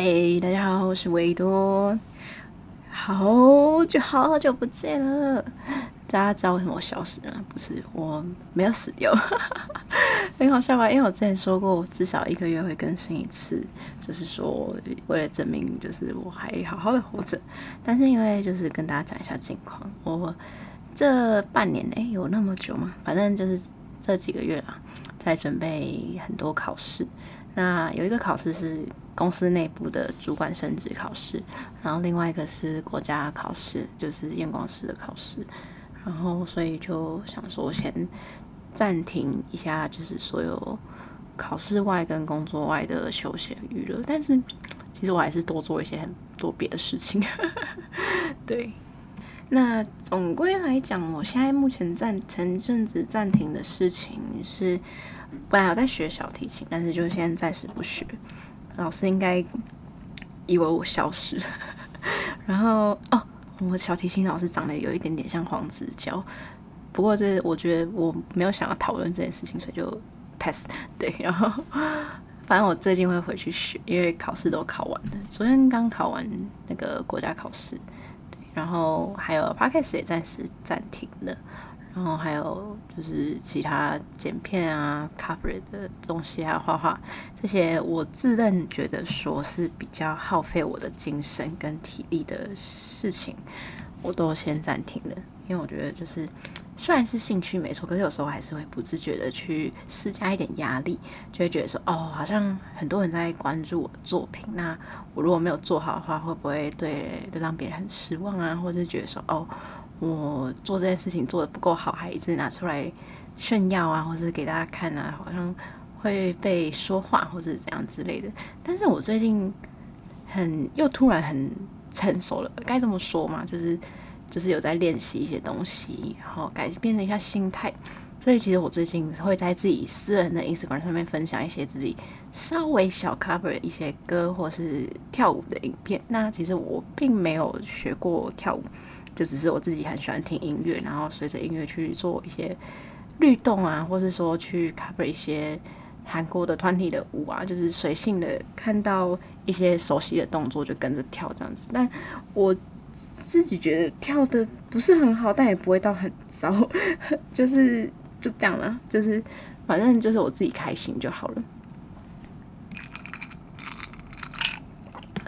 嘿、hey，大家好，我是維多，好久好久不見了。大家知道為什麼我消失了嗎？不是，我沒有死掉， 很好笑吧？因為我之前說過我，至少一個月會更新一次，就是說為了證明，就是我還好好的活着。但是因為就是跟大家講一下近況，我這半年哎、欸，有那麼久嗎？反正就是這幾個月了，啊，在準備很多考試。那有一個考試是。公司內部的主管升職考試，然後另外一個是國家考試，就是驗光師的考試。然後所以就想說先暫停一下，就是所有考試外跟工作外的休閒娛樂。但是其實我還是多做一些很多別的事情。 對，那總歸來講，我現在目前暫前陣子暫停的事情是，本來有在學小提琴，但是就先暫時不學。老師應該以為我消失了， 然後哦，我小提琴老師長得有一點點像黃子佼，不過這我覺得我沒有想要討論這件事情，所以就 pass。對，然後反正我最近會回去學，因為考試都考完了，昨天剛考完那個國家考試，然後還有 Podcast 也暫時暫停了。然後還有就是其他剪片啊、cover 的東西啊、畫畫這些，我自認覺得說是比較耗費我的精神跟體力的事情，我都先暫停了。因為我覺得就是雖然是興趣沒錯，可是有時候還是會不自覺的去施加一點壓力，就會覺得說哦，好像很多人在關注我的作品啊，那我如果沒有做好的話，會不會對對讓別人很失望啊？或者覺得說哦。我做這件事情做得不夠好，還一直拿出來炫耀啊，或者是給大家看啊，好像會被說話或者怎樣之類的。但是我最近很又突然很成熟了，該這麼說嘛？就是就是有在練習一些東西，然後改變了一下心態。所以其實我最近會在自己私人的 Instagram 上面分享一些自己稍微小 cover 一些歌或是跳舞的影片。那其實我並沒有學過跳舞。就只是我自己很喜歡聽音樂，然後隨着音樂去做一些律動啊，或是說去 cover 一些韓國的團體的舞啊，就是隨性的看到一些熟悉的動作就跟着跳這樣子。但我自己覺得跳的不是很好，但也不會到很糟，就是就這樣啦，就是反正就是我自己開心就好了。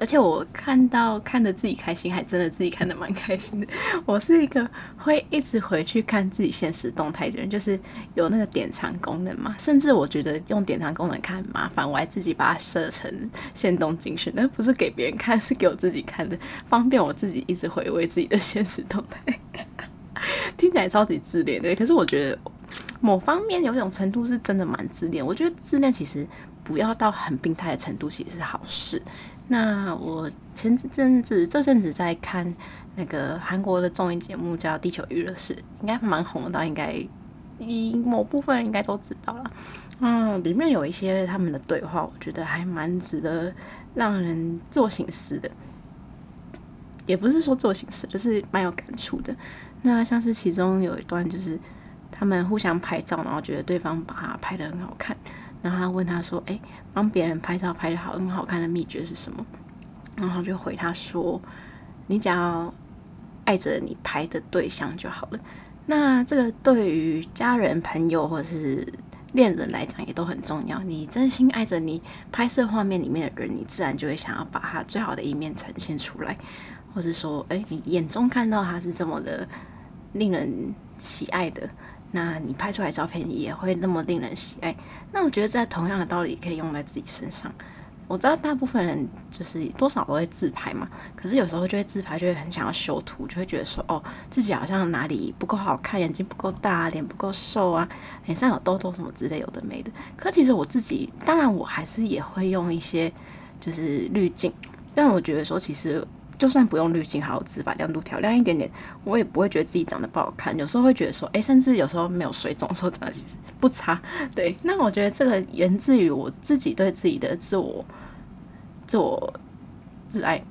而且我看到看着自己開心，還真的自己看得蠻開心的。我是一個會一直回去看自己現實動態的人，就是有那個典藏功能嘛。甚至我覺得用典藏功能看很麻煩，我還自己把它設成限動精選，而不是給別人看，是給我自己看的，方便我自己一直回味自己的現實動態。 聽起來超級自戀的，可是我覺得某方面有一種程度是真的蠻自戀。我覺得自戀其實不要到很病態的程度，其實是好事。那我前陣子這陣子在看那個韓國的綜藝節目，叫《地球娛樂室》，應該蠻紅的，應該以某部分應該都知道了。嗯，裡面有一些他們的對話，我覺得還蠻值得讓人做省思的。也不是說做省思，就是蠻有感觸的。那像是其中有一段，就是他們互相拍照，然後覺得對方把他拍得很好看。然後他問他說：“誒、欸，幫別人拍照拍得好，很好看的秘訣是什麼？”然後就回他說：“你只要愛着你拍的對象就好了。”那這個對於家人、朋友或是戀人來講也都很重要。你真心愛着你拍攝畫面裡面的人，你自然就會想要把他最好的一面呈現出來，或是說，誒、欸，你眼中看到他是這麼的令人喜愛的。那你拍出來照片也會那麼令人喜愛。那我覺得在同樣的道理可以用在自己身上。我知道大部分人就是多少都會自拍嘛，可是有時候就會自拍，就會很想要修圖，就會覺得說，哦，自己好像哪裡不夠好看，眼睛不夠大，臉不夠瘦啊，臉上有痘痘什麼之類，有的沒的。可其實我自己，當然我還是也會用一些就是濾鏡，但我覺得說其實。就算不用濾鏡，好，我只是把亮度調亮一點點，我也不會覺得自己長得不好看。有時候會覺得說，哎、欸，甚至有時候沒有水腫的時候，長得其實不差。對，那我覺得這個源自於我自己對自己的自我、自我自愛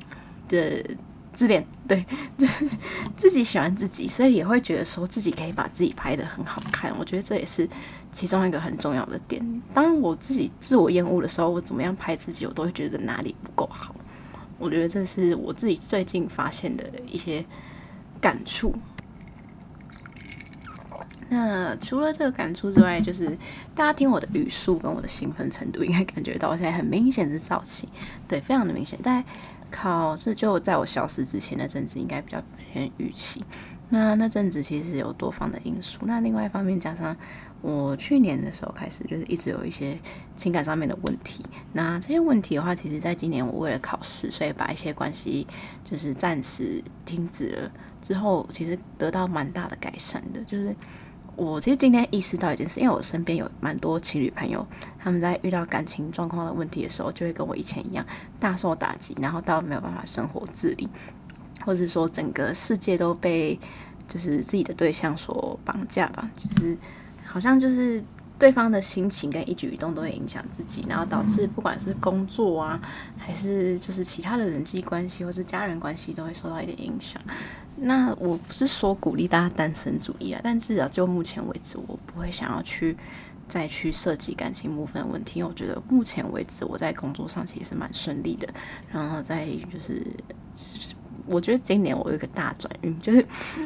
的自戀，對，就是自己喜歡自己，所以也會覺得說自己可以把自己拍的很好看。我覺得這也是其中一個很重要的點。當我自己自我厭惡的時候，我怎麼樣拍自己，我都會覺得哪裡不夠好。我覺得這是我自己最近發現的一些感觸。那除了這個感觸之外，就是大家聽我的語速跟我的興奮程度，應該感覺到我現在很明顯的躁氣，對，非常的明顯。在考試就在我消失之前那陣子，應該比較。預期，那那陣子其實有多方的因素，那另外一方面加上我去年的時候開始就是一直有一些情感上面的問題，那這些問題的話，其實在今年我為了考試，所以把一些關係就是暫時停止了之後，其實得到蠻大的改善的。就是我其實今天意識到一件事，因為我身邊有蠻多情侶朋友，他們在遇到感情狀況的問題的時候，就會跟我以前一樣大受打擊，然後到沒有辦法生活自理。或是說，整個世界都被就是自己的對象所綁架吧，就是好像就是對方的心情跟一舉一動都會影響自己，然後導致不管是工作啊，還是就是其他的人際關係或是家人關係都會受到一點影響。那我不是說鼓勵大家單身主義啊，但至少就目前為止，我不會想要去再去涉及感情部分的問題。因為我覺得目前為止，我在工作上其實是蠻順利的，然後再就是。我覺得今年我有一個大轉運，就是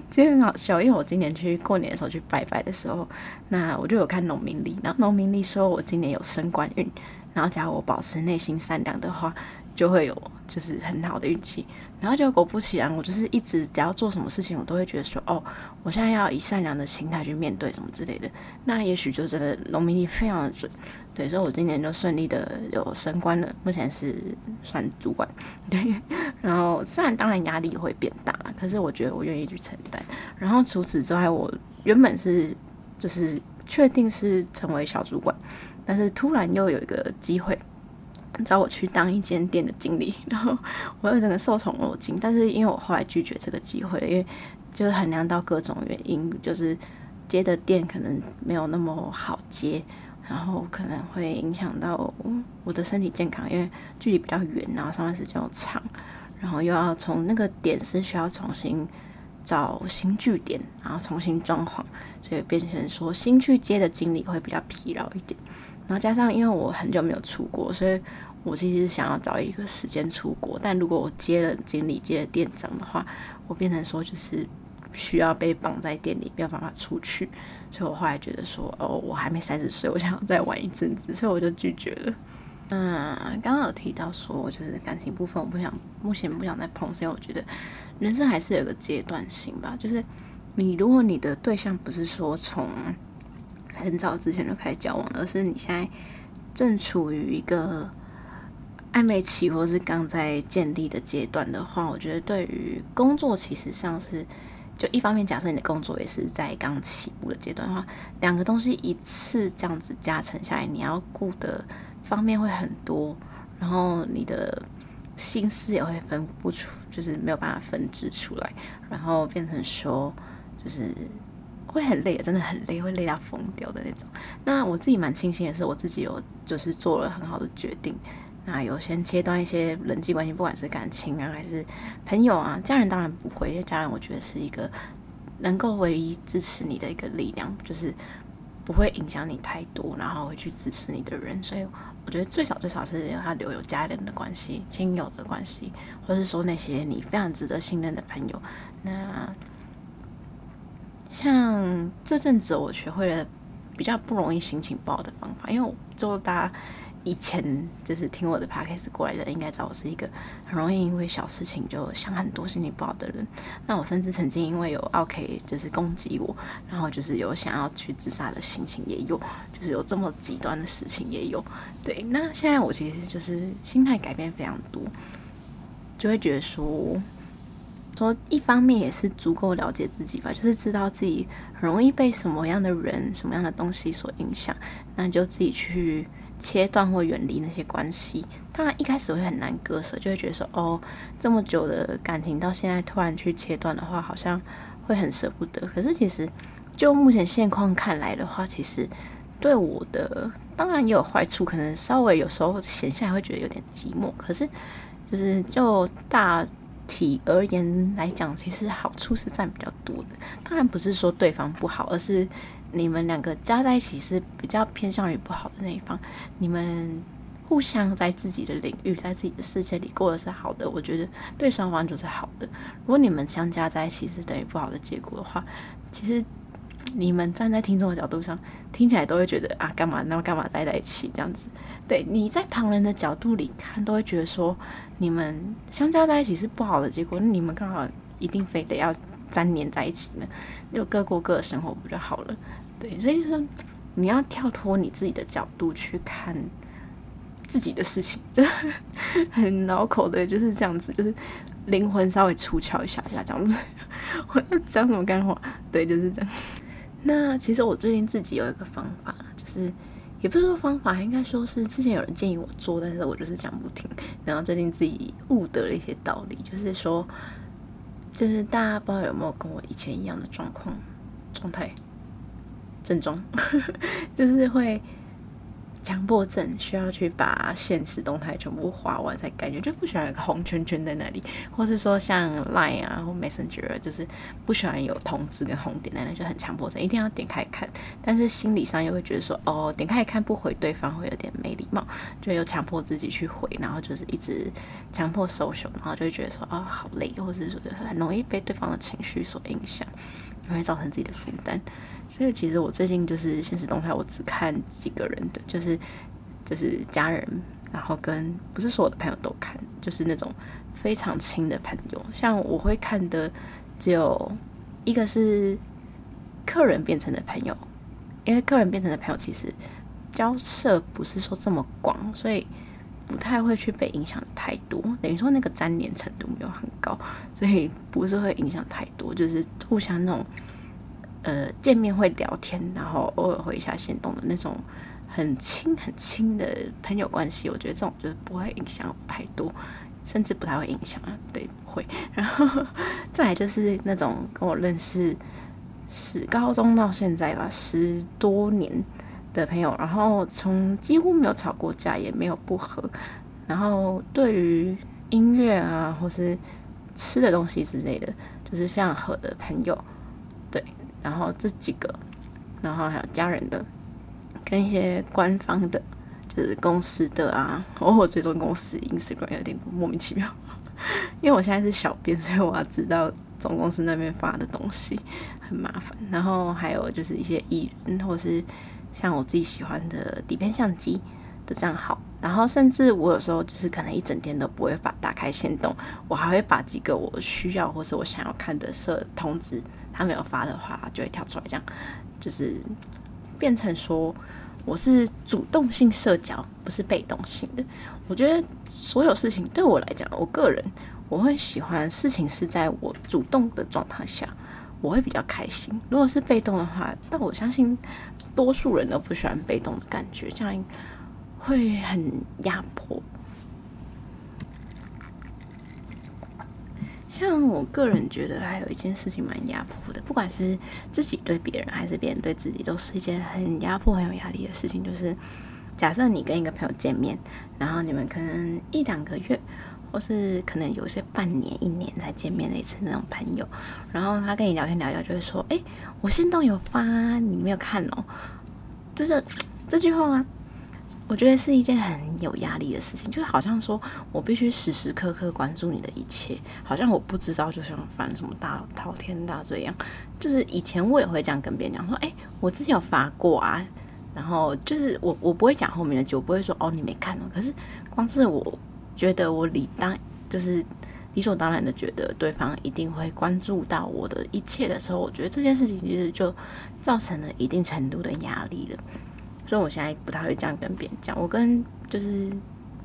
今天很好笑，因為，我今年去過年的時候去拜拜的時候，那我就有看農民曆，然後農民曆說我今年有升官運，然後只要我保持內心善良的話，就會有就是很好的運氣，然後就果不其然，我就是一直只要做什麼事情，我都會覺得說哦，我現在要以善良的心態去面對什麼之類的，那也許就真的農民曆非常的準。對，所以，我今年就順利的有升官了，目前是算主管。對，然後雖然當然壓力會變大，可是我覺得我願意去承擔。然後除此之外，我原本是就是確定是成為小主管，但是突然又有一個機會找我去當一間店的經理，然後我有整個受寵若驚。但是因為我後來拒絕這個機會，因為就是衡量到各種原因，就是接的店可能沒有那麼好接。然後可能會影響到我的身體健康，因為距離比較遠，然後上班時間又長，然後又要從那個點是需要重新找新據點，然後重新裝潢，所以變成說新去接的經理會比較疲勞一點。然後加上因為我很久沒有出國，所以我其實是想要找一個時間出國。但如果我接了經理、接了店長的話，我變成說就是。需要被綁在店裡，沒有辦法出去，所以，我後來覺得說，哦，我還沒三十歲，我想要再玩一陣子，所以我就拒絕了。嗯，剛剛有提到說，就是感情部分，我不想目前不想再碰，是因為我覺得人生還是有個階段性吧。就是你，如果你的對象不是說從很早之前就開始交往，而是你現在正處於一個曖昧期，或是剛在建立的階段的話，我覺得對於工作，其實上是。就一方面，假設你的工作也是在剛起步的階段的話，兩個東西一次這樣子加成下來，你要顧的方面會很多，然後你的心思也會分不出，就是沒有辦法分支出來，然後變成說就是會很累，真的很累，會累到、啊、瘋掉的那種。那我自己蠻慶幸的是，我自己有就是做了很好的決定。那有先切斷一些人際關係，不管是感情啊還是朋友啊，家人當然不會，因為家人我覺得是一個能夠唯一支持你的一個力量，就是不會影響你太多，然後會去支持你的人。所以我覺得最少最少是他留有家人的關係、親友的關係，或是說那些你非常值得信任的朋友。那像這陣子我學會了比較不容易心情不好的方法，因為就大家。以前就是聽我的 podcast 過來的，應該知道我是一個很容易因為小事情就想很多、心情不好的人。那我甚至曾經因為有 OK 就是攻擊我，然後就是有想要去自殺的心情，也有，就是有這麼極端的事情也有。對，那現在我其實就是心態改變非常多，就會覺得說，說一方面也是足夠了解自己吧，就是知道自己很容易被什麼樣的人、什麼樣的東西所影響，那就自己去。切斷或遠離那些關係，當然一開始會很難割捨，就會覺得說，哦，這麼久的感情到現在突然去切斷的話，好像會很捨不得。可是其實就目前現況看來的話，其實對我的當然也有壞處，可能稍微有時候閒下來會覺得有點寂寞。可是就是就大體而言來講，其實好處是占比較多的。當然不是說對方不好，而是。你們兩個加在一起是比較偏向於不好的那一方。你們互相在自己的領域、在自己的世界裡過的是好的，我覺得對雙方就是好的。如果你們相加在一起是等於不好的結果的話，其實你們站在聽眾的角度上，聽起來都會覺得啊，幹嘛那麼幹嘛待在一起這樣子？對，你在旁人的角度裡看，都會覺得說你們相加在一起是不好的結果。那你們剛好一定非得要粘連在一起呢？就各過各的生活不就好了？對，所以就是你要跳脫你自己的角度去看自己的事情，就很拗口對，就是這樣子，就是靈魂稍微出竅一下，下這樣子。我要講什麼幹話？對，就是這樣。那其實我最近自己有一個方法，就是也不是說方法，應該說是之前有人建議我做，但是我就是講不聽。然後最近自己悟得了一些道理，就是說，就是大家不知道有沒有跟我以前一樣的狀況狀態。症狀 就是會強迫症，需要去把現實動態全部劃完才感覺，就不喜歡有個紅圈圈在那裡，或是說像 Line 啊或 Messenger，啊就是不喜歡有通知跟紅點那，那那就很強迫症，一定要點開看。但是心理上又會覺得說，哦，點開一看不回對方會有點沒禮貌，就又強迫自己去回，然後就是一直強迫搜尋，然後就會覺得說，哦，好累，或是說很容易被對方的情緒所影響，容易造成自己的負擔。所以其實我最近就是限時動態，我只看幾個人的，就是就是家人，然後跟不是所有的朋友都看，就是那種非常親的朋友。像我會看的，只有一個是客人變成的朋友，因為客人變成的朋友其實交涉不是說這麼廣，所以不太會去被影響太多。等於說那個粘連程度沒有很高，所以不是會影響太多，就是互相那種。呃，見面會聊天，然後偶爾會一下心動的那種，很親很親的朋友關係，我覺得這種就是不會影響我太多，甚至不太會影響啊，對，不會。然後再來就是那種跟我認識，是高中到現在吧，十多年的朋友，然後從幾乎沒有吵過架，也沒有不和，然後對於音樂啊或是吃的東西之類的就是非常合的朋友，對。然後這幾個，然後還有家人的、跟一些官方的，就是公司的啊。哦，我追蹤公司、Instagram 有點莫名其妙，因為我現在是小編，所以我要知道總公司那邊發的東西很麻煩。然後還有就是一些藝人，或者是像我自己喜歡的底片相機的賬號。然後，甚至我有時候就是可能一整天都不會把打開先動，我還會把幾個我需要或是我想要看的設通知，他沒有發的話就會跳出來，這樣就是變成說我是主動性社交，不是被動性的。我覺得所有事情對我來講，我個人我會喜歡事情是在我主動的狀態下，我會比較開心。如果是被動的話，但我相信多數人都不喜歡被動的感覺，這樣。會很壓迫。像我個人覺得，還有一件事情蠻壓迫的，不管是自己對別人，還是別人對自己，都是一件很壓迫、很有壓力的事情。就是假設你跟一個朋友見面，然後你們可能一兩個月，或是可能有些半年、一年才見面的一次那種朋友，然後他跟你聊天聊聊，就會說：“哎，我限動有發，你沒有看哦。就”就是這句話啊。我覺得是一件很有壓力的事情，就好像說我必須時時刻刻關注你的一切，好像我不知道就想犯什麼大滔天大罪一樣。就是以前我也會這樣跟別人講說：“哎、欸，我之前有發過啊。”然後就是我我不會講後面的就不會說：“哦，你沒看、啊。”可是光是我覺得我理當就是理所當然的覺得對方一定會關注到我的一切的時候，我覺得這件事情其實就造成了一定程度的壓力了。所以我現在不太會這樣跟別人講。我跟就是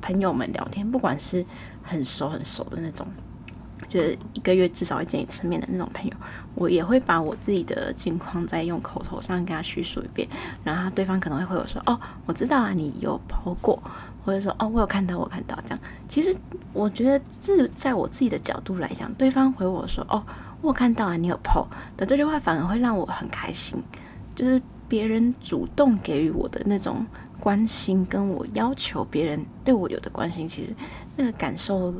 朋友們聊天，不管是很熟很熟的那種，就是一個月至少會見一次面的那種朋友，我也會把我自己的近況再用口頭上跟他敘述一遍。然後對方可能會回我說：“哦，我知道啊，你有 PO 過。”或者說：“哦，我有看到，我看到。”這樣，其實我覺得是在我自己的角度來講，對方回我說：“哦，我有看到啊，你有 PO” 的這句話，反而會讓我很開心，就是。別人主動給予我的那種關心，跟我要求別人對我有的關心，其實那個感受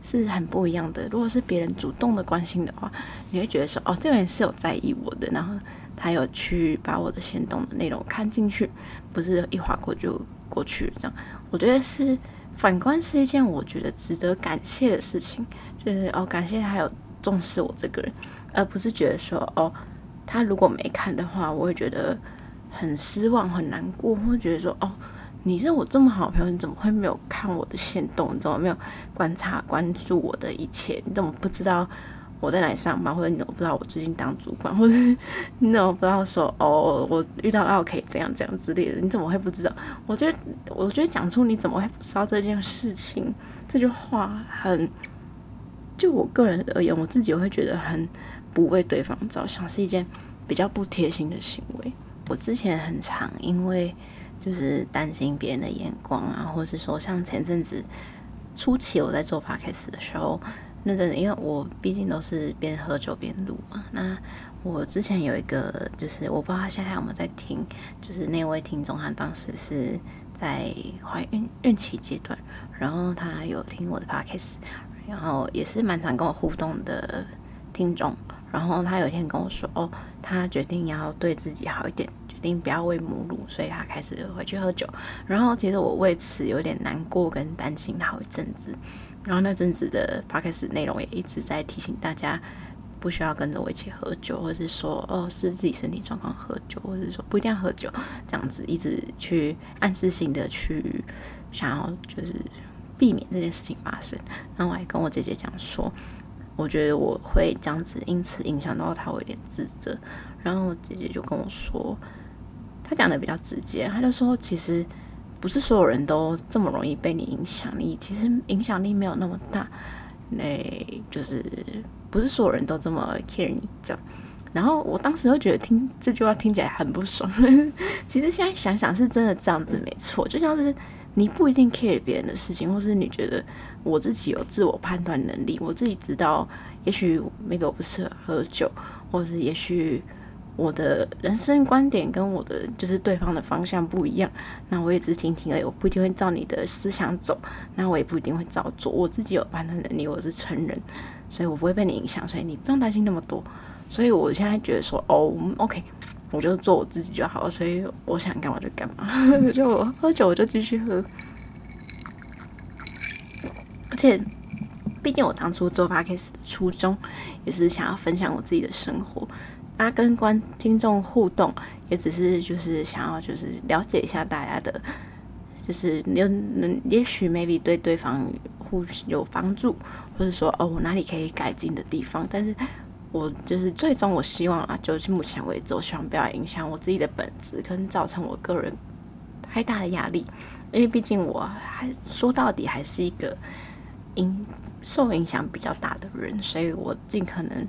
是很不一樣的。如果是別人主動的關心的話，你會覺得說哦，這個人是有在意我的，然後他有去把我的行動的內容看進去，不是一劃過就過去了這樣。我覺得是反觀是一件我覺得值得感謝的事情，就是哦，感謝他有重視我這個人，而不是覺得說哦，他如果沒看的話，我會覺得。很失望，很難過，或覺得說哦，你是我這麼好的朋友，你怎麼會沒有看我的限動？你怎麼沒有觀察、關注我的一切？你怎麼不知道我在哪裡上班？或者你怎麼不知道我最近當主管？或者你怎麼不知道說哦，我遇到 OK 怎樣怎樣之類的？你怎麼會不知道？我覺得，我覺得講出你怎麼會不知道這件事情這句話很，很就我個人而言，我自己會覺得很不為對方着想，是一件比較不貼心的行為。我之前很常因為就是擔心別人的眼光啊，或是說像前陣子初期我在做 podcast 的時候，那陣因為我畢竟都是邊喝酒邊錄嘛。那我之前有一個，就是我不知道他現在還有沒有在聽，就是那位聽眾，他當時是在懷孕孕期階段，然後他有聽我的 podcast，然後也是蠻常跟我互動的聽眾。然後他有一天跟我說：“哦，他決定要對自己好一點，決定不要餵母乳，所以他開始回去喝酒。”然後其實我為此有點難過跟擔心好一陣子。然後那陣子的 podcast 內容也一直在提醒大家，不需要跟着我一起喝酒，或是說、哦、是說哦是自己身體狀況喝酒，或者是說不一定要喝酒，這樣子一直去暗示性的去想要就是避免這件事情發生。然後我還跟我姐姐講說。我覺得我會這樣子，因此影響到他，我有點自責。然後我姐姐就跟我說，她講得比較直接，她就說，其實不是所有人都這麼容易被你影響力，你其實影響力沒有那麼大。那就是不是所有人都這麼 care 你這樣。然後我當時就覺得聽這句話聽起來很不爽， 其實現在想想是真的這樣子沒錯，就像是。你不一定 care 別人的事情，或是你覺得我自己有自我判斷能力，我自己知道，也許 maybe 我不適合喝酒，或是也許我的人生觀點跟我的就是對方的方向不一樣，那我也只是聽聽而已，我不一定會照你的思想走，那我也不一定會照做，我自己有判斷能力，我是成人，所以我不會被你影響，所以你不用擔心那麼多，所以我現在覺得說，哦，oh, OK。我就做我自己就好，所以我想幹嘛就幹嘛，就 我喝酒我就繼續喝，而且，畢竟我當初做 v 開始的初衷也是想要分享我自己的生活，那、啊、跟觀聽眾互動也只是就是想要就是了解一下大家的，就是有能也許 maybe 對對方互有幫助，或者說哦我哪裡可以改進的地方，但是。我就是最終，我希望啊，就是目前為止，我希望不要影響我自己的本質，可能造成我個人太大的壓力。因為畢竟我還說到底還是一個影受影響比較大的人，所以我盡可能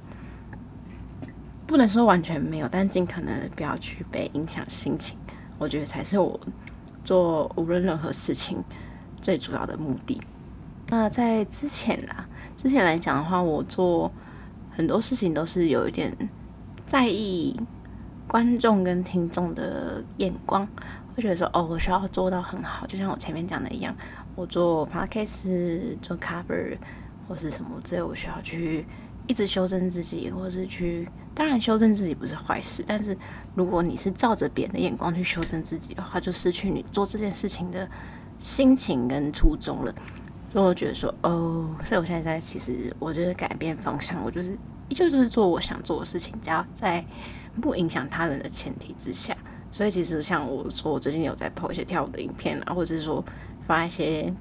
不能說完全沒有，但盡可能不要去被影響心情，我覺得才是我做無論任何事情最主要的目的。那在之前啦，之前來講的話，我做。很多事情都是有一點在意觀眾跟聽眾的眼光，會覺得說：“哦，我需要做到很好。”就像我前面講的一樣，我做 podcast 做 cover 或是什麼之類，我需要去一直修正自己，或是去當然修正自己不是壞事，但是如果你是照着別人的眼光去修正自己的話，就失去你做這件事情的心情跟初衷了。所以我覺得說哦，所以我現在其實，我就是改變方向，我就是依舊就是做我想做的事情，只要在不影響他人的前提之下。所以其實像我說，我最近有在拍一些跳舞的影片啊，或者是說發一些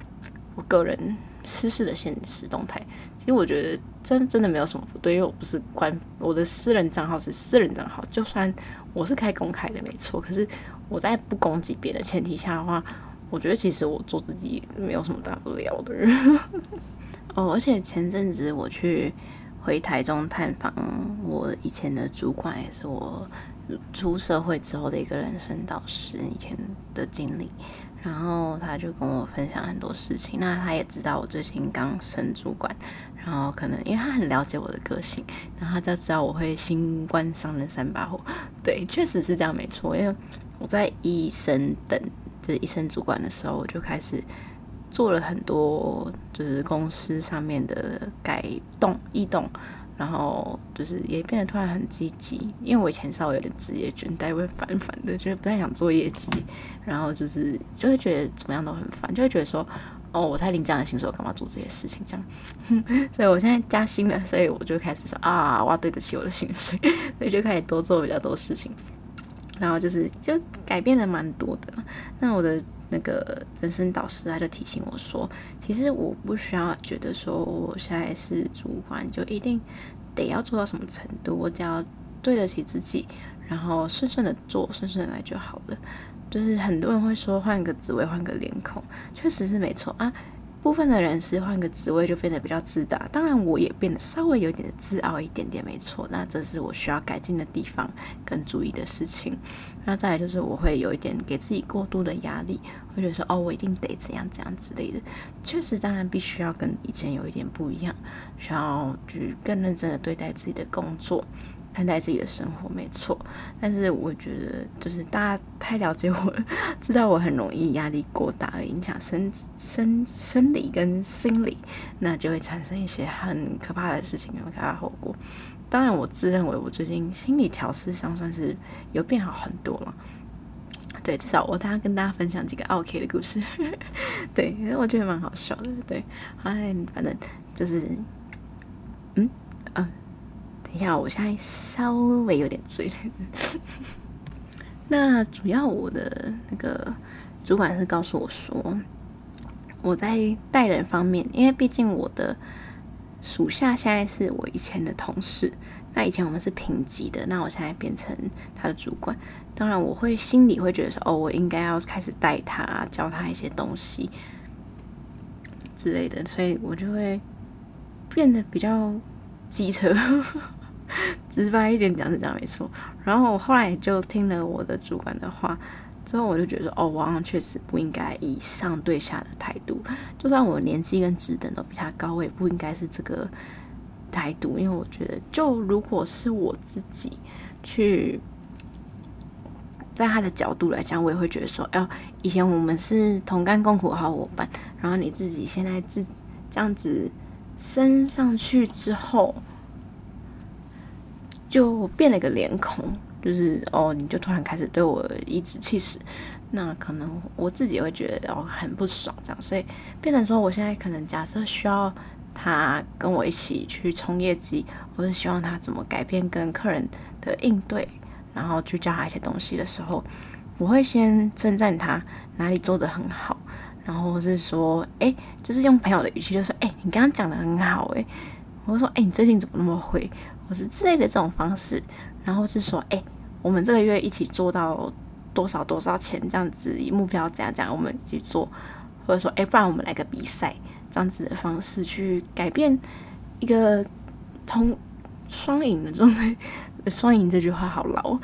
我個人私事的限時動態。其實我覺得真真的沒有什麼不對，因為我不是關我的私人賬號是私人賬號，就算我是開公開的沒錯，可是我在不攻擊別人的前提下的話。我覺得其實我做自己沒有什麼大不了的人。 哦，而且前陣子我去回台中探訪我以前的主管，也是我出社會之後的一個人生導師，以前的經歷，然後他就跟我分享很多事情。那他也知道我最近剛升主管，然後可能因為他很了解我的個性，然後他就知道我會新官上任三把火。對，確實是這樣，沒錯。因為我在醫生等。就是醫生主管的時候，我就開始做了很多，就是公司上面的改動異動，然後就是也變得突然很積極，因為我以前稍微有點職業倦怠，會煩煩的，就是不太想做業績，然後就是就會覺得怎麼樣都很煩，就會覺得說，哦，我才領這樣的薪水，我幹嘛做這些事情這樣？ 所以我現在加薪了，所以我就開始說啊，我要對得起我的薪水，所以就開始多做比較多事情。然後就是就改變了蠻多的，那我的那個人生導師他就提醒我說，其實我不需要覺得說我現在是主管就一定得要做到什麼程度，我只要對得起自己，然後順順的做，順順的來就好了。就是很多人會說換個職位，換個臉孔，確實是沒錯啊。部分的人是換個職位就變得比較自大，當然我也變得稍微有點自傲一點點，沒錯。那這是我需要改進的地方跟注意的事情。那再來就是我會有一點給自己過度的壓力，會覺得說哦，我一定得怎樣怎樣之類的。確實，當然必須要跟以前有一點不一樣，需要去更認真的對待自己的工作。看待自己的生活沒錯，但是我覺得就是大家太了解我了，知道我很容易壓力過大而影響生生生理跟心理，那就會產生一些很可怕的事情，有可怕後果。當然，我自認為我最近心理調適上算是有變好很多了。對，至少我今天跟大家分享幾個 OK 的故事，對，因為我覺得蠻好笑的。對，哎，反正就是，嗯嗯。啊等一下，我現在稍微有點醉。 那主要我的那個主管是告訴我說，我在帶人方面，因為畢竟我的屬下現在是我以前的同事，那以前我們是平級的，那我現在變成他的主管，當然我會心裡會覺得說，哦，我應該要開始帶他，教他一些東西之類的，所以我就會變得比較機車。直白一點講是這樣沒錯，然後我後來就聽了我的主管的話之後，我就覺得說，哦，我確實不應該以上對下的態度，就算我年紀跟職等都比他高，我也不應該是這個態度。因為我覺得，就如果是我自己去，在他的角度來講，我也會覺得說，哎、欸，以前我們是同甘共苦的好夥伴，然後你自己現在自這樣子升上去之後。就變了一個臉孔，就是哦，你就突然開始對我頤指氣使，那可能我自己也會覺得哦很不爽這樣，所以變成說我現在可能假設需要他跟我一起去衝業績，或是希望他怎麼改變跟客人的應對，然後去教他一些東西的時候，我會先稱讚他哪裡做得很好，然後是說哎，就是用朋友的語氣就說哎，你剛剛講得很好哎，我說哎，你最近怎麼那麼會。或是之類的這種方式，然後是說，哎、欸，我們這個月一起做到多少多少錢這樣子，以目標怎樣怎樣我們一起做，或者說，哎、欸，不然我們來個比賽這樣子的方式去改變一個從雙贏的狀態。雙贏這句話好老、哦，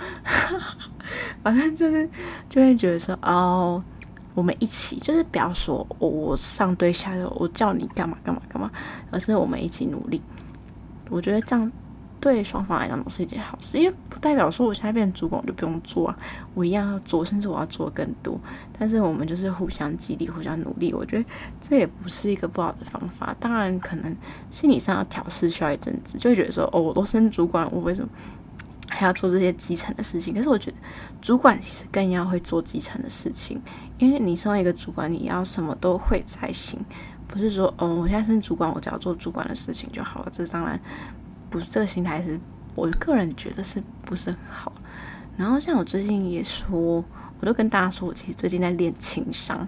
反正就是就會覺得說，哦，我們一起，就是不要說、哦、我上對下，我叫你幹嘛幹嘛幹嘛，而是我們一起努力。我覺得這樣。對雙方來講都是一件好事，因為不代表說我現在變成主管我就不用做啊，我一樣要做，甚至我要做更多。但是我們就是互相激勵，互相努力。我覺得這也不是一個不好的方法。當然，可能心理上要調適需要一陣子，就會覺得說哦，我都升主管，我為什麼還要做這些基層的事情？可是我覺得主管其實更要會做基層的事情，因為你身為一個主管，你要什麼都會才行。不是說哦，我現在升主管，我只要做主管的事情就好了。這是當然。不是，這個心態是我個人覺得是不是很好。然後像我最近也說，我都跟大家說我其實最近在練情商，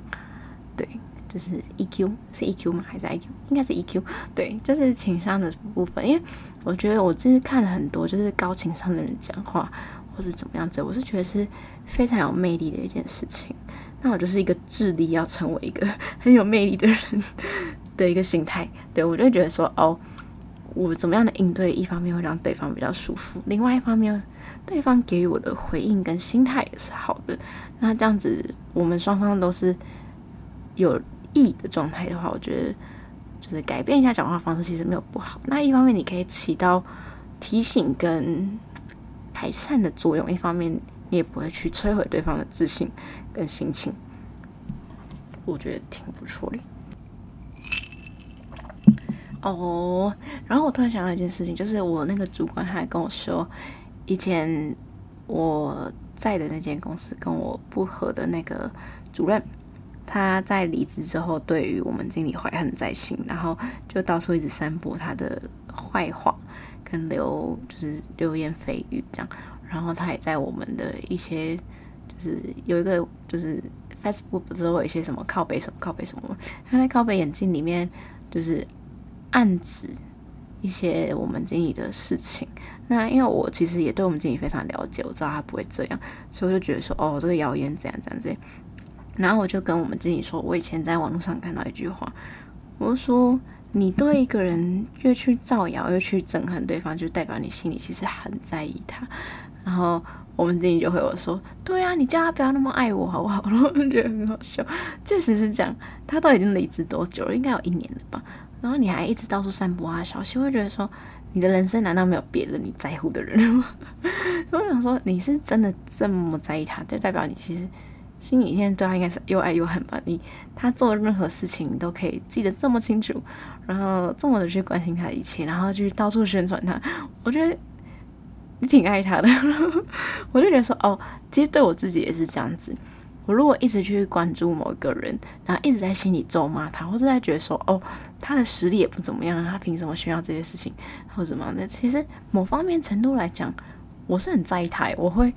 對，就是 EQ 是 EQ 嗎？還是 IQ？應該是 EQ，對，就是情商的部分。因為我覺得我真是看了很多，就是高情商的人講話或是怎麼樣子，我是覺得是非常有魅力的一件事情。那我就是一個智力要成為一個很有魅力的人的一個心態。對，我就覺得說哦。我怎麼樣的應對，一方面會讓對方比較舒服，另外一方面，對方給予我的回應跟心態也是好的。那這樣子，我們雙方都是有益的狀態的話，我覺得就是改變一下講話方式，其實沒有不好。那一方面你可以起到提醒跟改善的作用，一方面你也不會去摧毀對方的自信跟心情。我覺得挺不錯的。哦、oh，然後我突然想到一件事情，就是我那個主管，他還跟我說，以前我在的那間公司跟我不合的那個主任，他在離職之後，對於我們經理懷恨在心，然後就到處一直散播他的壞話跟流，就是流言蜚語這樣。然後他也在我們的一些，就是有一個就是 Facebook 之後，一些什麼靠北什麼靠北什麼，他在靠北眼鏡裡面就是。暗指一些我們經理的事情。那因為我其實也對我們經理非常了解，我知道他不會這樣，所以我就覺得說，哦，這個謠言怎樣怎樣怎樣。然後我就跟我們經理說，我以前在網絡上看到一句話，我說，你對一個人越去造謠，越去憎恨對方，就代表你心裡其實很在意他。然後我們經理就回我說，對啊，你叫他不要那麼愛我好不好？然 後我就覺得很好笑，確實是這樣。他到底已經離職多久了？應該有一年了吧。然後你還一直到處散播他消息，我會覺得說，你的人生難道沒有別的你在乎的人嗎？ 我想說，你是真的這麼在意他，就代表你其實心裡現在對他應該是又愛又恨吧？你他做任何事情，你都可以記得這麼清楚，然後這麼的去關心他一切，然後去到處宣傳他，我覺得你挺愛他的。 我就覺得說，哦，其實對我自己也是這樣子。我如果一直去關注某一個人，然後一直在心裡咒罵他，或是在覺得說哦，他的實力也不怎麼樣，他憑什麼炫耀這些事情，或者怎麼樣的。其實某方面程度來講，我是很在意他，我會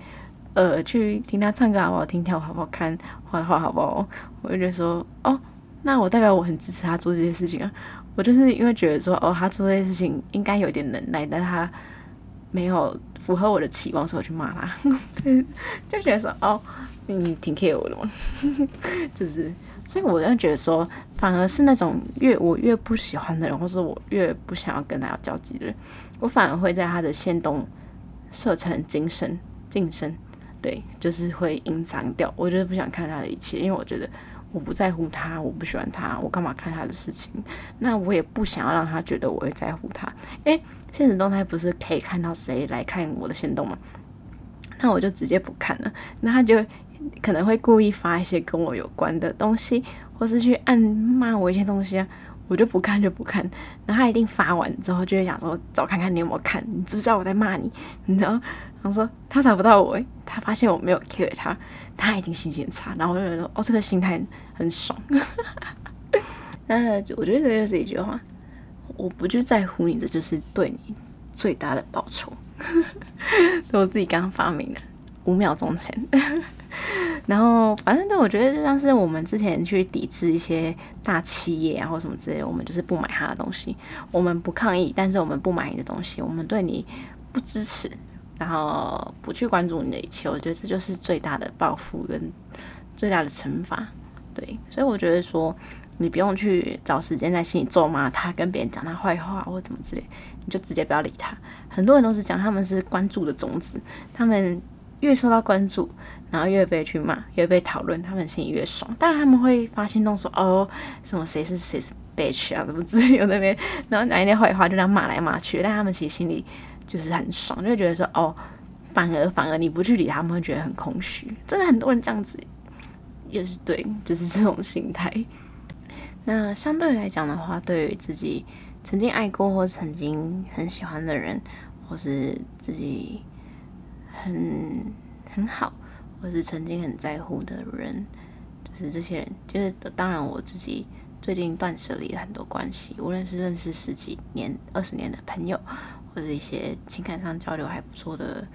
呃去聽他唱歌好不好聽，跳舞好不好看，畫的畫好不好，我就覺得說哦，那我代表我很支持他做這些事情啊。我就是因為覺得說哦，他做這些事情應該有點能耐，但他沒有。符合我的期望，所以我去罵他， 就覺得說哦，你挺 care 我的嘛，是 不、就是。所以我就覺得說，反而是那種越我越不喜歡的人，或是我越不想要跟他有交集的人，我反而會在他的限動、設成、精神精神對，就是會隱藏掉。我覺得不想看他的一切，因為我覺得我不在乎他，我不喜歡他，我幹嘛看他的事情？那我也不想要讓他覺得我會在乎他。哎、欸。限時動態不是可以看到誰來看我的行動嗎？那我就直接不看了。那他就可能會故意發一些跟我有關的東西，或是去暗罵我一些東西啊，我就不看就不看。然後他一定發完之後就會想說，找看看你有沒有看你知不知道我在罵你,你知道？然後我說他找不到我、欸，他發現我沒有 care 他，他一定心情很差。然後我就說，哦，這個心態很爽。 那我覺得這就是一句話。我不去在乎你的，就是對你最大的報酬，我 自己剛剛發明的五秒鐘前。 然後反正就我覺得就像是我們之前去抵制一些大企業啊或什麼之類，我們就是不買他的東西，我們不抗議，但是我們不買你的東西，我們對你不支持，然後不去關注你的一切，我覺得這就是最大的報復跟最大的懲罰。對，所以我覺得說。你不用去找時間在心裡咒罵他，跟別人講他壞話或怎麼之類，你就直接不要理他。很多人都是講他們是關注的種子，他們越受到關注，然後越被去罵，越被討論，他們心裡越爽。當然他們會發心動說哦，什麼誰是誰是 bitch 啊，什麼之類的。那邊，然後講一點壞話，就那樣罵來罵去。但他們其實心裡就是很爽，就會覺得說哦，反而反而你不去理他們，會覺得很空虛。真的很多人這樣子也是對，就是這種心態。那相對來講的話，對於自己曾經愛過或曾經很喜歡的人，或是自己很很好，或是曾經很在乎的人，就是這些人，就是當然我自己最近斷舍離了很多關係，無論是認識十幾年，二十年的朋友，或者一些情感上交流還不錯的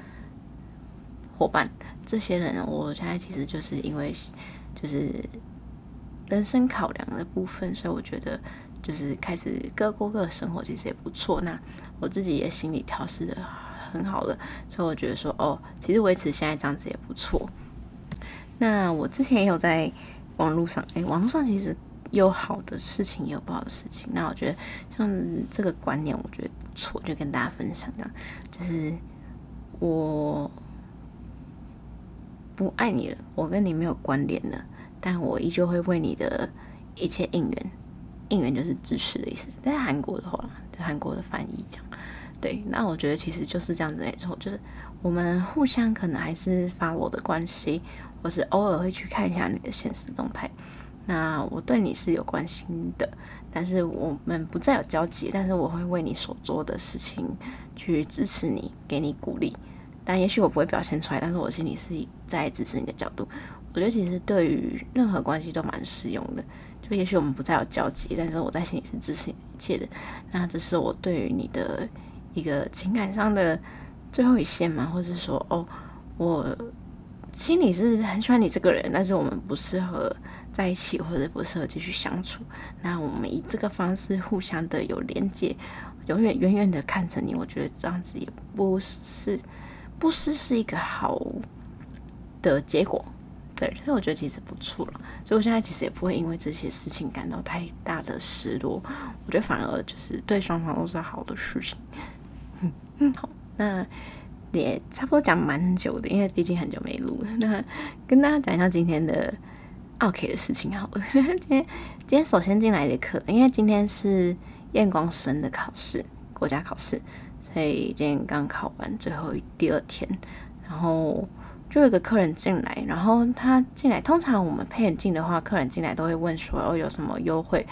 夥伴，這些人，我現在其實就是因為就是。人生考量的部分，所以我覺得就是開始各過各生活，其實也不錯。那我自己也心理調試的很好了，所以我覺得說哦，其實維持現在這樣子也不錯。那我之前也有在網絡上，哎，網絡上其實有好的事情，也有不好的事情。那我覺得像這個觀念，我覺得不錯，就跟大家分享的，就是我不愛你了，我跟你沒有關聯了。但我依舊會為你的一切應援，應援就是支持的意思。在韓國的話，就韓國的翻譯講，對。那我覺得其實就是這樣子沒錯，就是我們互相可能還是 follow 的關係，或是偶爾會去看一下你的現實動態。那我對你是有關心的，但是我們不再有交集。但是我會為你所做的事情去支持你，給你鼓勵。但也許我不會表現出來，但是我心裡是在支持你的角度。我覺得其實對於任何關係都蠻適用的。就也許我們不再有交集，但是我在心裡是支持你一切的。那這是我對於你的一個情感上的最後一線嘛？或者說，哦，我心裡是很喜歡你這個人，但是我們不適合在一起，或者不適合繼續相處。那我們以這個方式互相的有連接，永遠遠遠遠的看着你。我覺得這樣子也不是不失是,是一個好的結果。對，所以我覺得其實不錯了，所以我現在其實也不會因為這些事情感到太大的失落。我覺得反而就是對雙方都是好的事情。嗯，好，那也差不多講蠻久的，因為畢竟很久沒錄了。那跟大家講一下今天的 OK 的事情好了，我覺得今天今天首先進來的課，因為今天是驗光生的考試，國家考試，所以今天剛考完最後第二天，然後。就有個客人進來，然後他進來，通常我們配眼鏡的話，客人進來都會問說哦有什麼優惠，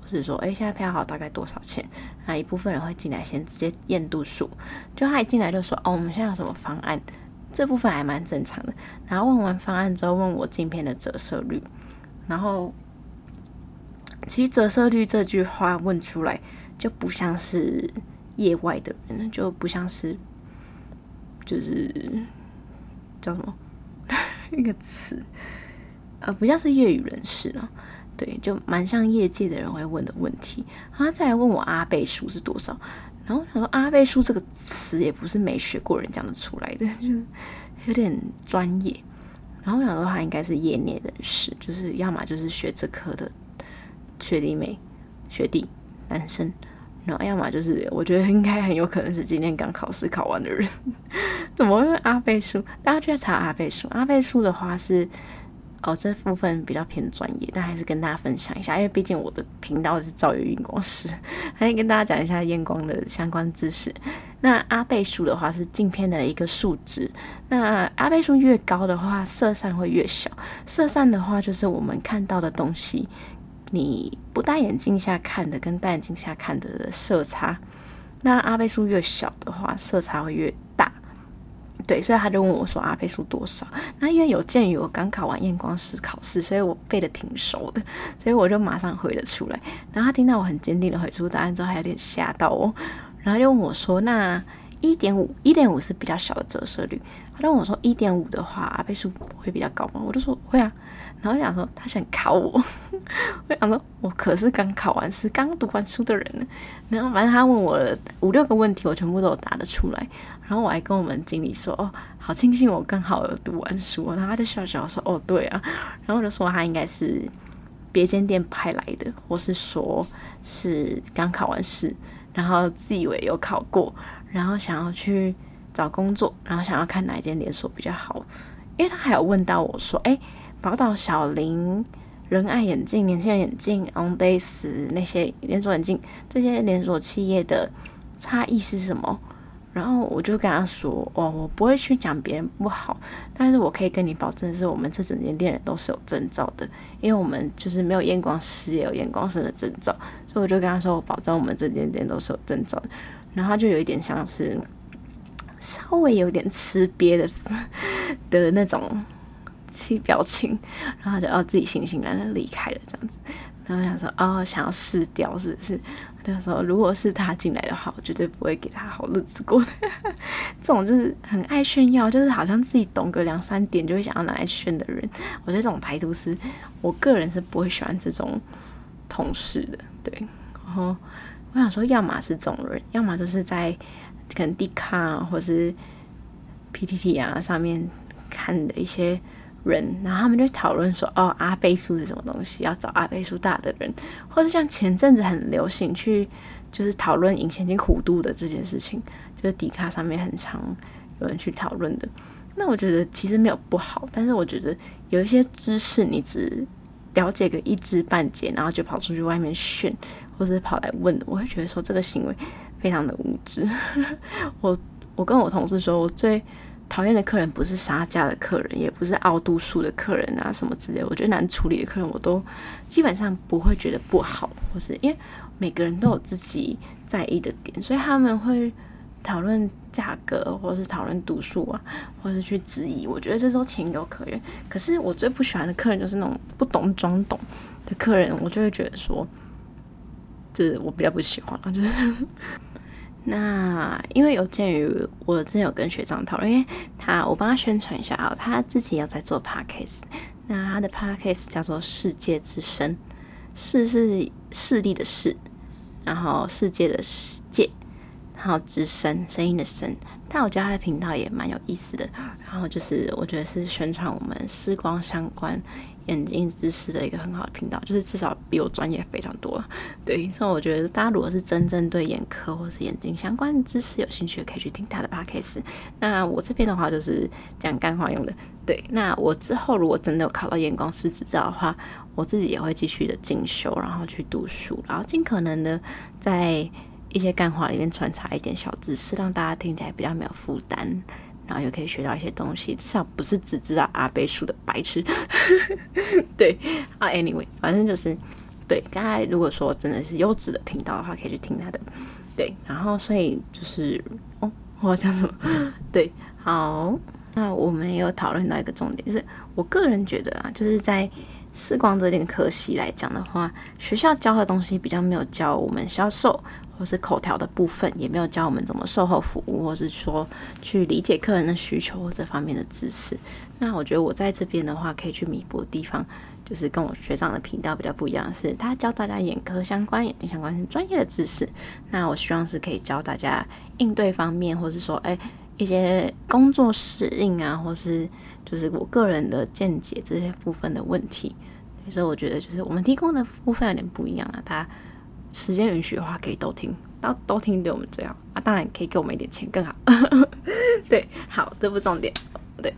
或是說哎、欸、現在配好大概多少錢？啊一部分人會進來先直接驗度數，就他一進來就說哦我們現在有什麼方案，這部分還蠻正常的。然後問完方案之後問我鏡片的折射率，然後其實折射率這句話問出來就不像是業外的人，就不像是就是。叫什麼 一個詞？呃，不像是業餘人士了，對，就蠻像業界的人會問的問題。然後他再來問我阿貝數是多少？然後我想說阿貝數這個詞也不是沒學過人講得出來的，就是、有點專業。然後我想說他應該是業內人士，就是要麼就是學這科的學弟妹、學弟男生。然後，要麼就是我覺得應該很有可能是今天剛考試考完的人。怎麼會是阿貝數？大家就要查阿貝數。阿貝數的話是，哦，這部分比較偏專業，但還是跟大家分享一下，因為畢竟我的頻道是躁鬱驗光師，還是跟大家講一下驗光的相關知識。那阿貝數的話是鏡片的一個數值，那阿貝數越高的話，色散會越小。色散的話就是我們看到的東西。你不戴眼鏡下看的跟戴眼鏡下看的，的色差，那阿貝數越小的話，色差會越大。對，所以他就問我說：“阿貝數多少？”那因為有鑑於我剛考完驗光師考試，所以我背的挺熟的，所以我就馬上回了出來。然後他聽到我很堅定的回出答案之後，還有點嚇到我，哦，然後就問我說：“那一點五，一點五是比較小的折射率。”他就問我說：“一點五的話，阿貝數會比較高嗎？”我就說：“會啊。”然後我想說他想考我， 我想說，我可是剛考完試、剛讀完書的人呢。然後反正他問我五六個問題，我全部都有答得出來。然後我還跟我們經理說：“哦，好慶幸我剛好有讀完書哦。”然後他就笑笑說：“哦，對啊。”然後我就說他應該是別間店派來的，或是說是剛考完試，然後自以為有考過，然後想要去找工作，然後想要看哪一間連鎖比較好。因為他還有問到我說：“哎。”寶島、小林、仁愛眼鏡、年輕人眼鏡、Onbase 那些連鎖眼鏡，這些連鎖企業的差異是什麼？然後我就跟他說：“哦，我不會去講別人不好，但是我可以跟你保證是，我們這整間店的都是有證照的，因為我們就是沒有驗光師，也有驗光師的證照。所以我就跟他說，我保證我們這間店都是有證照的。然後他就有一點像是稍微有點吃癟的的那種。”氣表情，然後就哦，自己悻悻然的離開了這樣子，然後想說，哦，想要試掉是不是？就說如果是他進來的話，我絕對不會給他好日子過的。 這種就是很愛炫耀，就是好像自己懂個兩三點就會想要拿來炫的人。我覺得這種態度是我個人是不會喜歡這種同事的。對，然後我想說，要麼是這種人，要麼就是在可能 Dcard 或是 PTT 啊上面看的一些。人，然後他們就討論說，哦，阿貝數是什麼東西？要找阿貝數大的人，或者像前陣子很流行去，就是討論隱形眼鏡弧度的這件事情，就是迪卡上面很常有人去討論的。那我覺得其實沒有不好，但是我覺得有一些知識你只了解個一知半解，然後就跑出去外面炫，或者跑來問，我會覺得說這個行為非常的無知。 我我跟我同事說，我最討厭的客人不是殺價的客人，也不是凹度數的客人啊，什麼之類的。我覺得難處理的客人，我都基本上不會覺得不好，或是因為每個人都有自己在意的點，所以他們會討論價格，或是討論度數啊，或是去質疑。我覺得這都情有可原。可是我最不喜歡的客人就是那種不懂裝懂的客人，我就會覺得說，這、就是、我比較不喜歡、啊，就是。那因為有鑑於我之前有跟學長討論，因為他，我幫他宣傳一下啊、哦，他自己有在做 podcast，那他的 podcast 叫做《世界之聲》，世是勢力的勢，然後世界的世界，然後之聲聲音的聲，但我覺得他的頻道也蠻有意思的，然後就是我覺得是宣傳我們視光相關。眼睛知識的一個很好的頻道，就是至少比我專業非常多了。對，所以我覺得大家如果是真正對眼科或是眼睛相關知識有興趣，可以去聽他的 podcast。那我這邊的話就是講幹話用的。對，那我之後如果真的有考到驗光師執照的話，我自己也會繼續的進修，然後去讀書，然後盡可能的在一些幹話裡面穿插一點小知識，讓大家聽起來比較沒有負擔。然後也可以學到一些東西，至少不是只知道阿貝數的白痴。呵呵，對啊，anyway，反正就是對。剛才如果說真的是優質的頻道的話，可以去聽他的。對，然後所以就是哦，我要講什麼？對，好，那我們也有討論到一個重點，就是我個人覺得啊，就是在。視光這個科系來講的話，學校教的東西比較沒有教我們銷售或是口條的部分，也沒有教我們怎麼售後服務，或是說去理解客人的需求或這方面的知識。那我覺得我在這邊的話，可以去彌補的地方，就是跟我學長的頻道比較不一樣的是，他教大家眼科相關、眼睛相關是專業的知識。那我希望是可以教大家應對方面，或是說哎一些工作適應啊，或是就是我個人的見解這些部分的問題。所以我覺得就是我們提供的部分有點不一樣啊。大家時間允許的話，可以都聽，都都聽對我們最好啊。當然可以給我們一點錢更好。 對，好，這不重點。對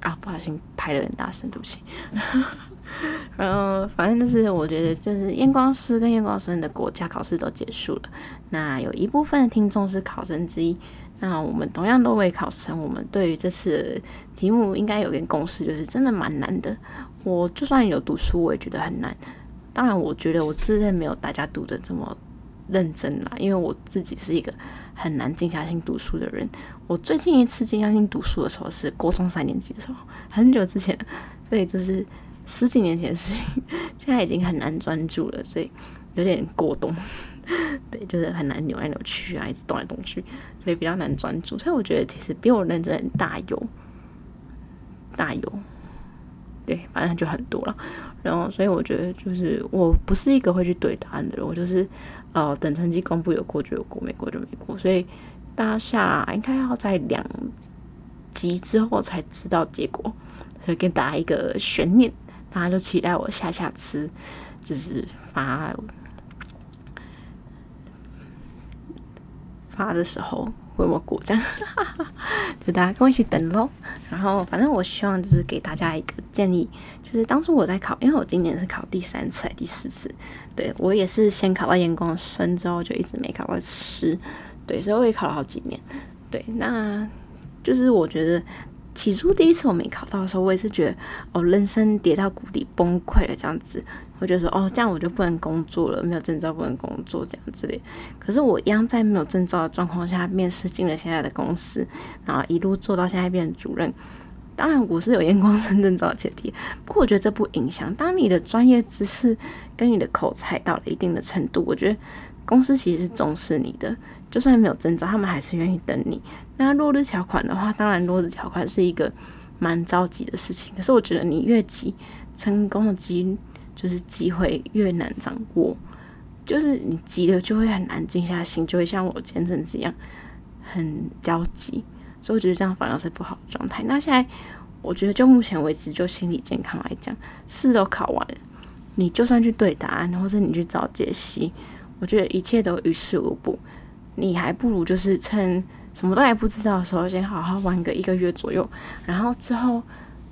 啊，不小心拍了很大聲，對不起。 然後反正就是我覺得就是驗光師跟驗光師的國家考試都結束了。那有一部分的聽眾是考生之一，那我們同樣都為考生。我們對於這次題目應該有點共識，就是真的蠻難的。我就算有讀書，我也覺得很難。當然，我覺得我自認沒有大家讀的這麼認真啦，因為我自己是一個很難靜下心讀書的人。我最近一次靜下心讀書的時候是高中三年級的時候，很久之前，所以就是十幾年前的事情。現在已經很難專注了，所以有點過動，對，就是很難扭來扭去啊，一直動來動去，所以比較難專注。所以我覺得其實比我認真大有大有。大有。對，反正就很多了，然後所以我覺得就是我不是一個會去對答案的人，我就是呃等成績公布，有過就有過，沒過就沒過，所以大家下應該要在兩集之後才知道結果，所以給大家一個懸念，大家就期待我下下次就是發發的時候。為我有有鼓掌， 對，大家跟我一起等咯。然後，反正我希望就是給大家一個建議，就是當初我在考，因為我今年是考第三次還是第四次？對，我也是先考到驗光生之後，就一直沒考到師，對，所以我也考了好幾年。對，那就是我覺得起初第一次我沒考到的時候，我也是覺得哦，人生跌到谷底，崩潰了這樣子。我就說哦，這樣我就不能工作了，沒有證照不能工作，這樣之類。可是我一樣在沒有證照的狀況下面試進了現在的公司，然後一路做到現在變成主任。當然我是有驗光師證照的前提，不過我覺得這不影響。當你的專業知識跟你的口才到了一定的程度，我覺得公司其實是重視你的，就算沒有證照，他們還是願意等你。那落日條款的話，當然落日條款是一個蠻着急的事情，可是我覺得你越急，成功的幾率，就是機會越難掌握，就是你急了就會很難靜下心，就會像我前陣子一樣很焦急，所以我覺得這樣反而是不好的狀態。那現在我覺得就目前為止，就心理健康來講，試都考完了，你就算去對答案，或者你去找解析，我覺得一切都於事無補。你還不如就是趁什麼都還不知道的時候，先好好玩個一個月左右，然後之後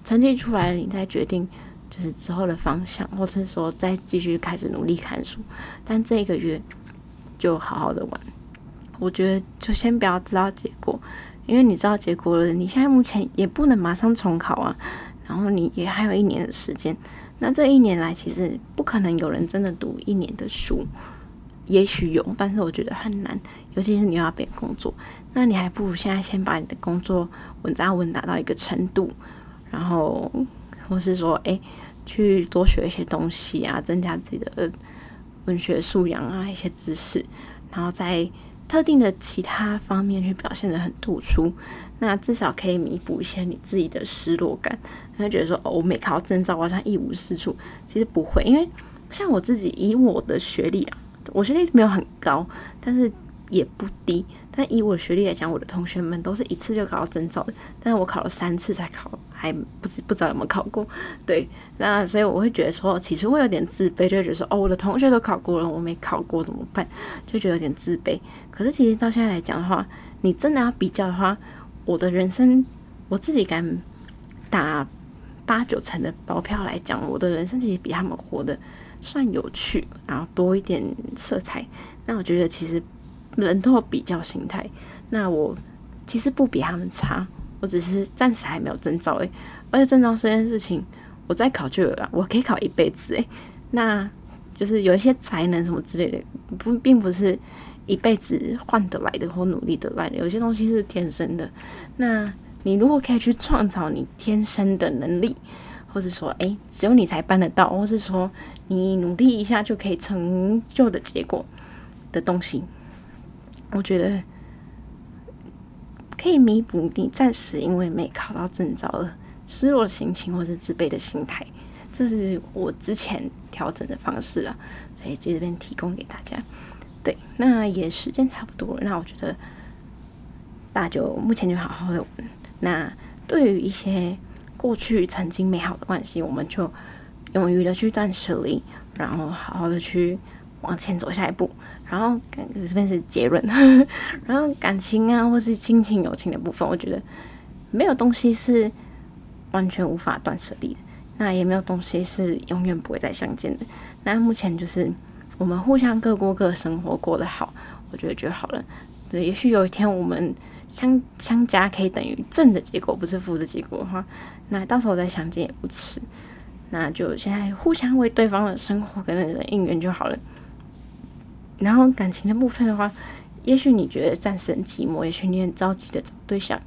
成績出來，你再決定。就是之後的方向，或是說再繼續開始努力看書，但這一個月就好好的玩。我覺得就先不要知道結果，因為你知道結果了，你現在目前也不能馬上重考啊。然後你也還有一年的時間，那這一年來其實不可能有人真的讀一年的書，也許有，但是我覺得很難。尤其是你要變工作，那你還不如現在先把你的工作穩紮穩打到一個程度，然後或是說，哎、欸。去多學一些東西啊，增加自己的文學素養啊，一些知識，然後在特定的其他方面去表現得很突出，那至少可以彌補一些你自己的失落感，會覺得說，哦，我沒考到證照，我好像一無是處。其實不會，因為像我自己，以我的學歷啊，我學歷沒有很高，但是也不低。但以我的學歷來講，我的同學們都是一次就考到證照的，但是我考了三次才考。還不知，不知道有沒有考過，對，那所以我會覺得說，其實我有點自卑，就會覺得說，哦，我的同學都考過了，我沒考過怎麼辦？就覺得有點自卑。可是其實到現在來講的話，你真的要比較的話，我的人生我自己敢打八九成的包票來講，我的人生其實比他們活得算有趣，然後多一點色彩。那我覺得其實人都有比較心態，那我其實不比他們差。我只是暫時還沒有證照誒、欸，而且證照這件事情，我再考就有了，我可以考一輩子誒、欸，那就是有一些才能什麼之類的，不並不是一輩子換得來的或努力得來的，有些東西是天生的。那你如果可以去創造你天生的能力，或是說哎、欸，只有你才辦得到，或是說你努力一下就可以成就的結果的東西，我覺得。可以彌補你暫時因為沒考到證照而失落的心情，或是自卑的心態，這是我之前調整的方式啊，所以這邊提供給大家。對，那也時間差不多了，那我覺得大家就目前就好好的。那對於一些過去曾經美好的關係，我們就勇於的去斷舍離，然後好好的去。往前走下一步，然後這邊是結論呵呵，然後感情啊，或是親情、友情的部分，我覺得沒有東西是完全無法斷捨離的，那也沒有東西是永遠不會再相見的。那目前就是我們互相各過各生活，過得好，我覺得就好了。對，也許有一天我們相相加可以等於正的結果，不是負的結果哈。那到時候再相見也不遲。那就現在互相為對方的生活跟人生應援就好了。然後感情的部分的話，也許你覺得暫時很寂寞，也許你很着急的找對象，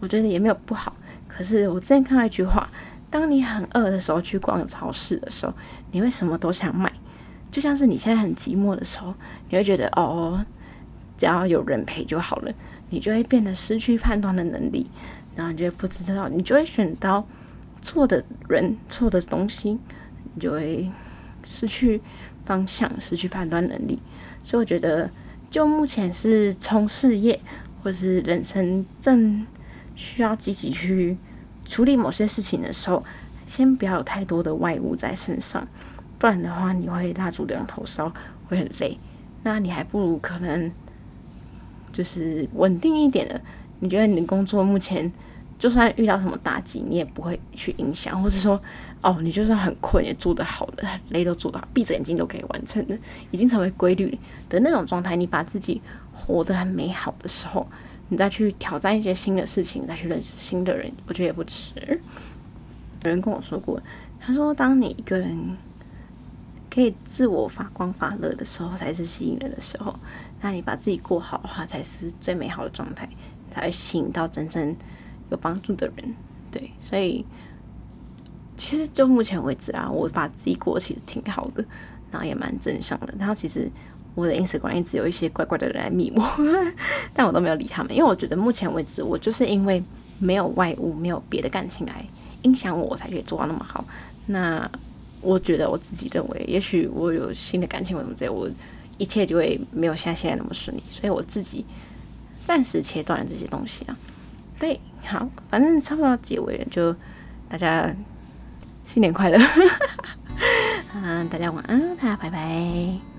我覺得也沒有不好。可是我之前看到一句話，當你很餓的時候去逛超市的時候，你會什麼都想買，就像是你現在很寂寞的時候，你會覺得哦，只要有人陪就好了，你就會變得失去判斷的能力，然後你就會不知道，你就會選到錯的人、錯的東西，你就會失去方向、失去判斷能力。所以我覺得，就目前是衝事業或者是人生正需要積極去處理某些事情的時候，先不要有太多的外務在身上，不然的話你會蠟燭兩頭燒，會很累。那你還不如可能就是穩定一點的。你覺得你的工作目前？就算遇到什麼打擊，你也不會去影響，或是說，哦，你就算很困也做得好的，很累都做得好，閉着眼睛都可以完成的，已經成為規律的那種狀態。你把自己活得很美好的時候，你再去挑戰一些新的事情，再去認識新的人，我覺得也不遲。有人跟我說過，他說，當你一個人可以自我發光發熱的時候，才是吸引人的時候。那你把自己過好的話，才是最美好的狀態，才會吸引到真正。有幫助的人，對，所以其實就目前為止啊，我把自己過其實挺好的，然後也蠻正向的。然後其實我的 Instagram 一直有一些怪怪的人來密我， 但我都沒有理他們，因為我覺得目前為止，我就是因為沒有外物，沒有別的感情來影響我，我才可以做到那麼好。那我覺得我自己認為，也許我有新的感情，我怎麼知道我一切就會沒有像現、現在那麼順利？所以我自己暫時切斷了這些東西啊，對。好，反正差不多結尾了，就大家新年快樂，嗯、 呃，大家晚安，大家拜拜。